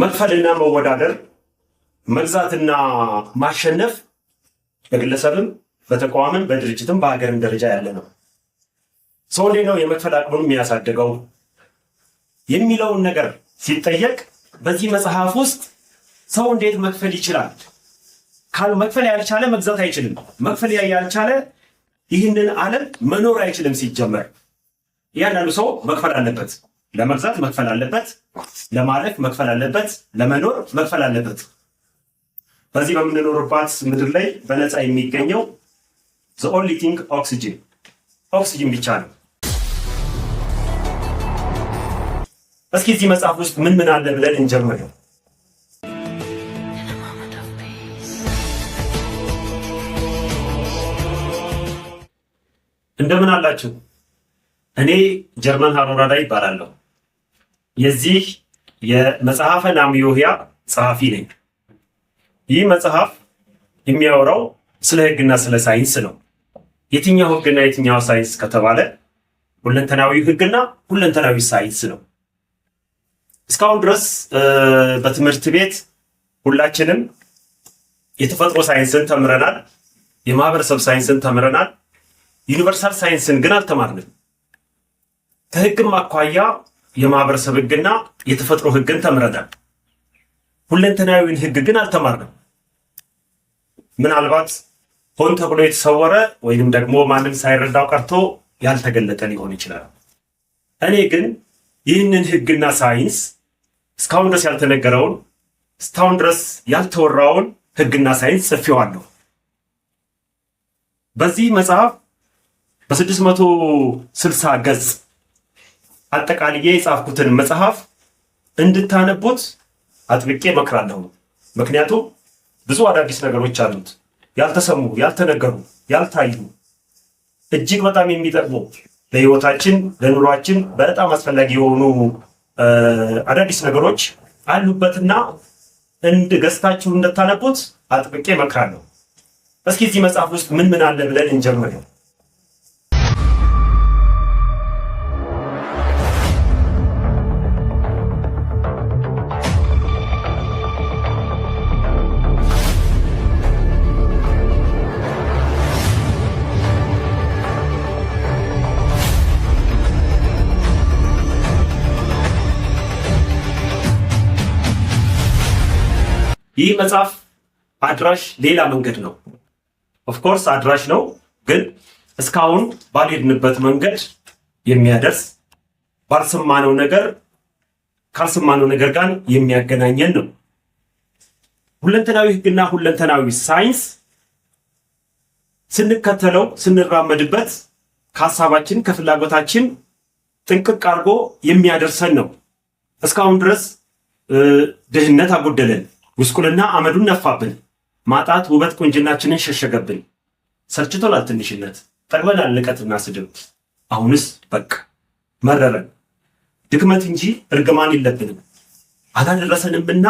መክፈልና መወዳደር፣ መግዛትና ማሸነፍ በግለሰብም በተቋምም በድርጅትም በሀገርም ደረጃ ያለ ነው። ሰው እንዴት ነው የመክፈል አቅሙን የሚያሳድገው የሚለውን ነገር ሲጠየቅ በዚህ መጽሐፍ ውስጥ ሰው እንዴት መክፈል ይችላል ካሉ መክፈል ያልቻለ መግዛት አይችልም። መክፈል ያልቻለ ይህንን ዓለም መኖር አይችልም። ሲጀመር እያንዳንዱ ሰው መክፈል አለበት። ለመግዛት መክፈል አለበት፣ ለማረፍ መክፈል አለበት፣ ለመኖር መክፈል አለበት። በዚህ በምንኖርባት ምድር ላይ በነፃ የሚገኘው ዘ ኦንሊ ቲንግ ብቻ ነው። እስኪ እዚህ መጽሐፍ ውስጥ ምን ምን አለ ብለን እንጀምር። እንደምን አላችሁ? እኔ ጀርመን ሀሮራዳ ይባላለሁ። የዚህ የመጽሐፈ ናምዮህያ ጸሐፊ ነኝ። ይህ መጽሐፍ የሚያወራው ስለ ህግና ስለ ሳይንስ ነው። የትኛው ህግና የትኛው ሳይንስ ከተባለ ሁለንተናዊ ህግና ሁለንተናዊ ሳይንስ ነው። እስካሁን ድረስ በትምህርት ቤት ሁላችንም የተፈጥሮ ሳይንስን ተምረናል፣ የማህበረሰብ ሳይንስን ተምረናል። ዩኒቨርሳል ሳይንስን ግን አልተማርንም። ከህግም አኳያ የማህበረሰብ ህግና የተፈጥሮ ህግን ተምረናል። ሁለንተናዊን ህግ ግን አልተማርንም። ምናልባት ሆን ተብሎ የተሰወረ ወይም ደግሞ ማንም ሳይረዳው ቀርቶ ያልተገለጠ ሊሆን ይችላል። እኔ ግን ይህንን ህግና ሳይንስ እስካሁን ድረስ ያልተነገረውን እስካሁን ድረስ ያልተወራውን ህግና ሳይንስ ጽፌዋለሁ። በዚህ መጽሐፍ በ መቶ ገጽ አጠቃልዬ የጻፍኩትን መጽሐፍ እንድታነቡት አጥብቄ እመክራለሁ። ምክንያቱም ብዙ አዳዲስ ነገሮች አሉት፣ ያልተሰሙ፣ ያልተነገሩ፣ ያልታዩ እጅግ በጣም የሚጠቅሙ ለህይወታችን፣ ለኑሯችን በጣም አስፈላጊ የሆኑ አዳዲስ ነገሮች አሉበትና እንድ ገዝታችሁ እንድታነቡት አጥብቄ እመክራለሁ። እስኪ እዚህ መጽሐፍ ውስጥ ምን ምን አለ ብለን እንጀምር። ይህ መጽሐፍ አድራሽ ሌላ መንገድ ነው። ኦፍኮርስ አድራሽ ነው፣ ግን እስካሁን ባልሄድንበት መንገድ የሚያደርስ ባልሰማነው ነገር ካልሰማነው ነገር ጋር የሚያገናኘን ነው። ሁለንተናዊ ሕግና ሁለንተናዊ ሳይንስ ስንከተለው ስንራመድበት ከሀሳባችን ከፍላጎታችን ጥንቅቅ አድርጎ የሚያደርሰን ነው። እስካሁን ድረስ ድህነት አጎደለን። ጉስቁልና አመዱን ነፋብን። ማጣት ውበት ቁንጅናችንን ሸሸገብን። ሰልችቶናል ትንሽነት፣ ጠቅበናል ንቀትና ስድብ። አሁንስ በቃ መረረን። ድክመት እንጂ እርግማን የለብንም። አላደረሰንምና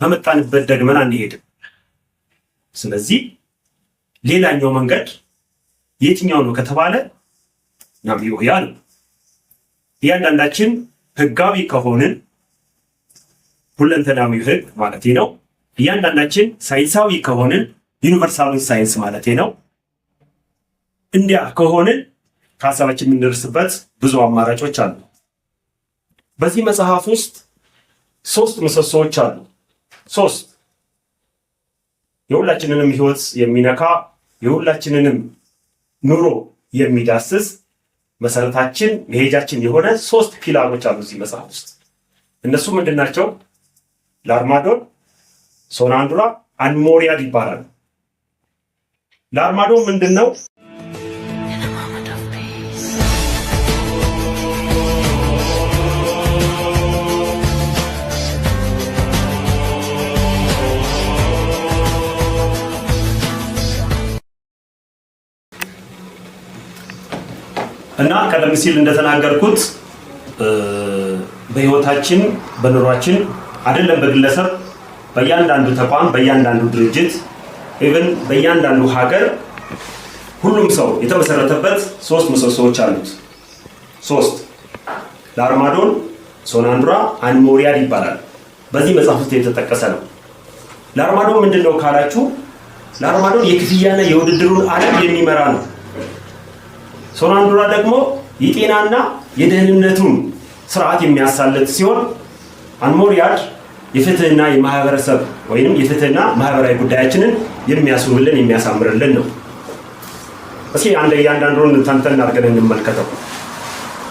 በመጣንበት ደግመን አንሄድም። ስለዚህ ሌላኛው መንገድ የትኛው ነው ከተባለ ነቢዩ ያ ነው። እያንዳንዳችን ህጋዊ ከሆንን ሁለንተናዊ ህግ ማለት ነው እያንዳንዳችን ሳይንሳዊ ከሆንን ዩኒቨርሳል ሳይንስ ማለት ነው። እንዲያ ከሆንን ከሀሳባችን የምንደርስበት ብዙ አማራጮች አሉ። በዚህ መጽሐፍ ውስጥ ሶስት ምሰሶዎች አሉ። ሶስት የሁላችንንም ህይወት የሚነካ የሁላችንንም ኑሮ የሚዳስስ መሰረታችን መሄጃችን የሆነ ሶስት ፒላሮች አሉ እዚህ መጽሐፍ ውስጥ። እነሱ ምንድን ናቸው? ላርማዶን ሶናንዱራ አንሞሪያድ ይባላል። ለአርማዶ ምንድን ነው? እና ቀደም ሲል እንደተናገርኩት በህይወታችን በኑሯችን አይደለም በግለሰብ በእያንዳንዱ ተቋም፣ በእያንዳንዱ ድርጅት ኢቨን በእያንዳንዱ ሀገር ሁሉም ሰው የተመሰረተበት ሶስት ምሰሶዎች አሉት። ሶስት ለአርማዶን ሶናንዱራ፣ አንሞሪያድ ይባላል። በዚህ መጽሐፍ ውስጥ የተጠቀሰ ነው። ላርማዶን ምንድን ነው ካላችሁ ለአርማዶን የክፍያና የውድድሩን አለም የሚመራ ነው። ሶናንዱራ ደግሞ የጤናና የደህንነቱን ስርዓት የሚያሳልጥ ሲሆን አንሞሪያድ የፍትህና የማህበረሰብ ወይም የፍትህና ማህበራዊ ጉዳያችንን የሚያስውብልን የሚያሳምርልን ነው። እስኪ አንድ እያንዳንዱን ተንተን አድርገን እንመልከተው።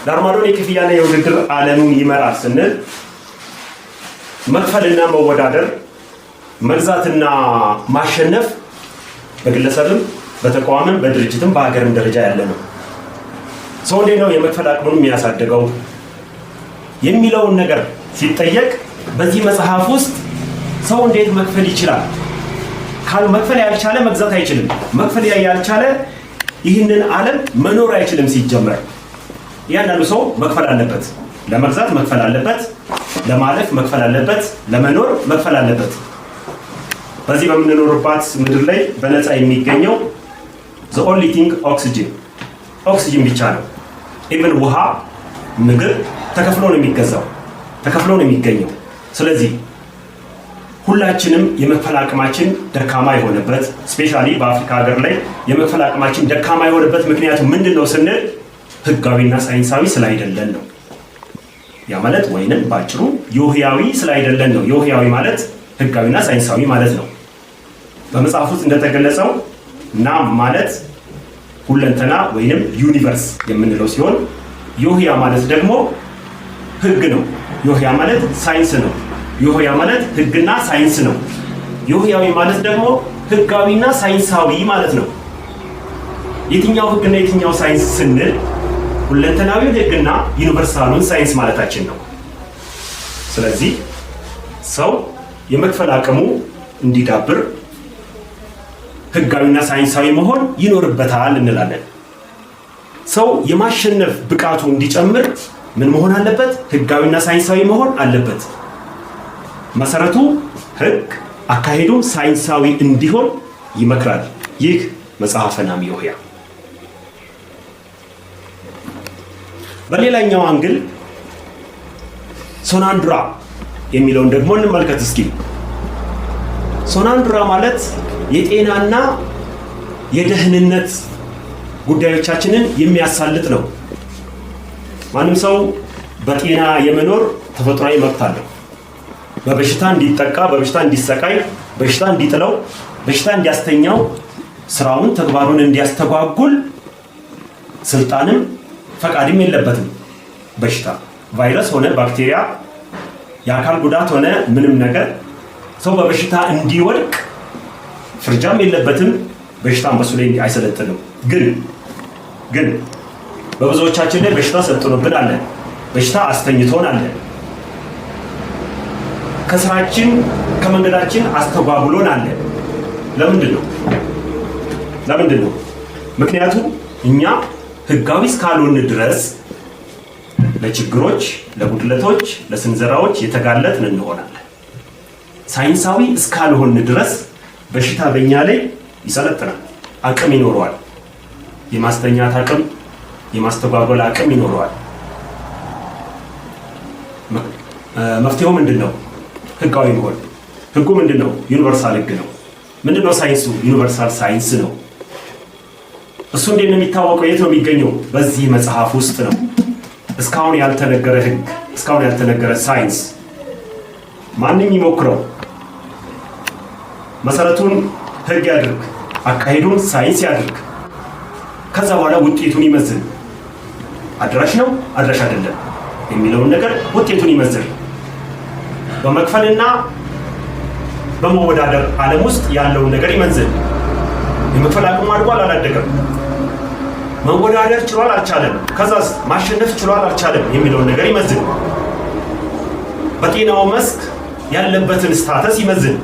ለአርማዶን የክፍያና የውድድር አለም ይመራል ስንል መክፈልና መወዳደር፣ መግዛትና ማሸነፍ በግለሰብም በተቋምም በድርጅትም በሀገርም ደረጃ ያለ ነው። ሰው እንዴ ነው የመክፈል አቅሙን የሚያሳድገው የሚለውን ነገር ሲጠየቅ በዚህ መጽሐፍ ውስጥ ሰው እንዴት መክፈል ይችላል ካሉ መክፈል ያልቻለ መግዛት አይችልም። መክፈል ያልቻለ ይህንን ዓለም መኖር አይችልም። ሲጀመር እያንዳንዱ ሰው መክፈል አለበት። ለመግዛት መክፈል አለበት። ለማለፍ መክፈል አለበት። ለመኖር መክፈል አለበት። በዚህ በምንኖርባት ምድር ላይ በነፃ የሚገኘው ዘ ኦንሊ ቲንግ ኦክሲጅን ኦክሲጅን ብቻ ነው። ኢቨን ውሃ፣ ምግብ ተከፍሎ ነው የሚገዛው፣ ተከፍሎ ነው የሚገኘው። ስለዚህ ሁላችንም የመክፈል አቅማችን ደካማ የሆነበት ስፔሻሊ በአፍሪካ ሀገር ላይ የመክፈል አቅማችን ደካማ የሆነበት ምክንያቱ ምንድን ነው ስንል ህጋዊና ሳይንሳዊ ስላይደለን ነው። ያ ማለት ወይንም በአጭሩ ዮህያዊ ስላይደለን ነው። የውህያዊ ማለት ህጋዊና ሳይንሳዊ ማለት ነው። በመጽሐፍ ውስጥ እንደተገለጸው ናም ማለት ሁለንተና ወይንም ዩኒቨርስ የምንለው ሲሆን ዮህያ ማለት ደግሞ ህግ ነው። ዮህያ ማለት ሳይንስ ነው። ይሁያ ማለት ህግና ሳይንስ ነው። ይሁያዊ ማለት ደግሞ ህጋዊና ሳይንሳዊ ማለት ነው። የትኛው ህግና የትኛው ሳይንስ ስንል ሁለንተናዊ ህግና ዩኒቨርሳሉን ሳይንስ ማለታችን ነው። ስለዚህ ሰው የመክፈል አቅሙ እንዲዳብር ህጋዊና ሳይንሳዊ መሆን ይኖርበታል እንላለን። ሰው የማሸነፍ ብቃቱ እንዲጨምር ምን መሆን አለበት? ህጋዊና ሳይንሳዊ መሆን አለበት። መሰረቱ ህግ፣ አካሄዱ ሳይንሳዊ እንዲሆን ይመክራል። ይህ መጽሐፈ ናምዮህያ። በሌላኛው አንግል ሶናንድራ የሚለውን ደግሞ እንመልከት እስኪ። ሶናንድራ ማለት የጤናና የደህንነት ጉዳዮቻችንን የሚያሳልጥ ነው። ማንም ሰው በጤና የመኖር ተፈጥሯዊ መብት አለው። በበሽታ እንዲጠቃ፣ በበሽታ እንዲሰቃይ፣ በሽታ እንዲጥለው፣ በሽታ እንዲያስተኛው፣ ስራውን ተግባሩን እንዲያስተጓጉል ስልጣንም ፈቃድም የለበትም። በሽታ ቫይረስ ሆነ ባክቴሪያ፣ የአካል ጉዳት ሆነ ምንም ነገር ሰው በበሽታ እንዲወድቅ ፍርጃም የለበትም። በሽታም በሱ ላይ አይሰለጥንም። ግን ግን በብዙዎቻችን ላይ በሽታ ሰልጥኖብን አለ። በሽታ አስተኝቶን አለ። ከስራችን ከመንገዳችን አስተጓጉሎን አለ። ለምንድን ነው ለምንድን ነው? ምክንያቱም እኛ ህጋዊ እስካልሆን ድረስ ለችግሮች፣ ለጉድለቶች፣ ለስንዘራዎች የተጋለጥን እንሆናለን። ሳይንሳዊ እስካልሆን ድረስ በሽታ በእኛ ላይ ይሰለጥናል። አቅም ይኖረዋል። የማስተኛት አቅም፣ የማስተጓጎል አቅም ይኖረዋል። መፍትሄው ምንድን ነው? ህጋዊ መሆን። ህጉ ምንድን ነው? ዩኒቨርሳል ህግ ነው። ምንድን ነው ሳይንሱ? ዩኒቨርሳል ሳይንስ ነው። እሱ እንዴት ነው የሚታወቀው? የት ነው የሚገኘው? በዚህ መጽሐፍ ውስጥ ነው። እስካሁን ያልተነገረ ህግ፣ እስካሁን ያልተነገረ ሳይንስ ማንም ይሞክረው፣ መሰረቱን ህግ ያድርግ፣ አካሄዱን ሳይንስ ያድርግ። ከዛ በኋላ ውጤቱን ይመዝን። አድራሽ ነው አድራሽ አይደለም የሚለውን ነገር ውጤቱን ይመዝን። በመክፈልና በመወዳደር ዓለም ውስጥ ያለውን ነገር ይመንዝን። የመክፈል አቅሙ አድጓል፣ አላደገም፣ መወዳደር ችሏል፣ አልቻለም፣ ከዛስ ማሸነፍ ችሏል፣ አልቻለም የሚለውን ነገር ይመዝን። በጤናው መስክ ያለበትን ስታተስ ይመዝን።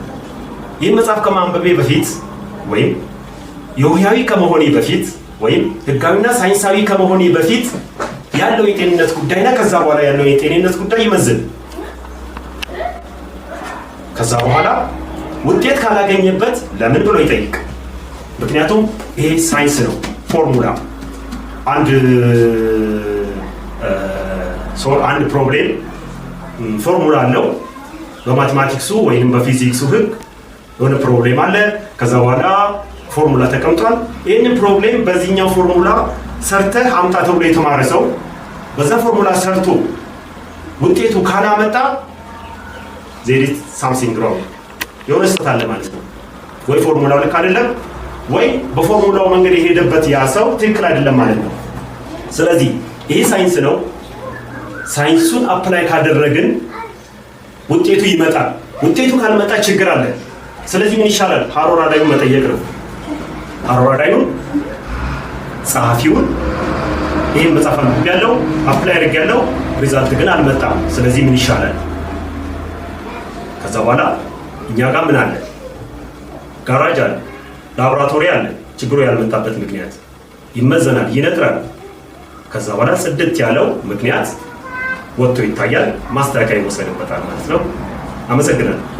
ይህ መጽሐፍ ከማንበቤ በፊት ወይም የውያዊ ከመሆኔ በፊት ወይም ህጋዊና ሳይንሳዊ ከመሆኔ በፊት ያለው የጤንነት ጉዳይና ከዛ በኋላ ያለው የጤንነት ጉዳይ ይመዝን። ከዛ በኋላ ውጤት ካላገኘበት ለምን ብሎ ይጠይቅ። ምክንያቱም ይሄ ሳይንስ ነው። ፎርሙላ አንድ አንድ ፕሮብሌም ፎርሙላ አለው። በማቴማቲክሱ ወይም በፊዚክሱ ህግ የሆነ ፕሮብሌም አለ። ከዛ በኋላ ፎርሙላ ተቀምጧል። ይህንን ፕሮብሌም በዚህኛው ፎርሙላ ሰርተህ አምጣ ተብሎ የተማረ ሰው በዛ ፎርሙላ ሰርቶ ውጤቱ ካላመጣ ዜሪት ሳምሲንግ ሮንግ የሆነ ስህተት አለ ማለት ነው። ወይ ፎርሙላው ልክ አይደለም፣ ወይ በፎርሙላው መንገድ የሄደበት ያ ሰው ትክክል አይደለም ማለት ነው። ስለዚህ ይሄ ሳይንስ ነው። ሳይንሱን አፕላይ ካደረግን ውጤቱ ይመጣል። ውጤቱ ካልመጣ ችግር አለ። ስለዚህ ምን ይሻላል? ፓሮራዳይኑ መጠየቅ ነው። ፓሮራዳይኑ ጸሐፊውን ይህም መጽሐፍ ያለው አፕላይ አድርግ ሪዛልት ግን አልመጣም። ስለዚህ ምን ይሻላል? ከዛ በኋላ እኛ ጋር ምን አለ? ጋራጅ አለ፣ ላቦራቶሪ አለ። ችግሩ ያልመጣበት ምክንያት ይመዘናል፣ ይነጥራል። ከዛ በኋላ ስድት ያለው ምክንያት ወጥቶ ይታያል። ማስተካከያ ይወሰድበታል ማለት ነው። አመሰግናለሁ።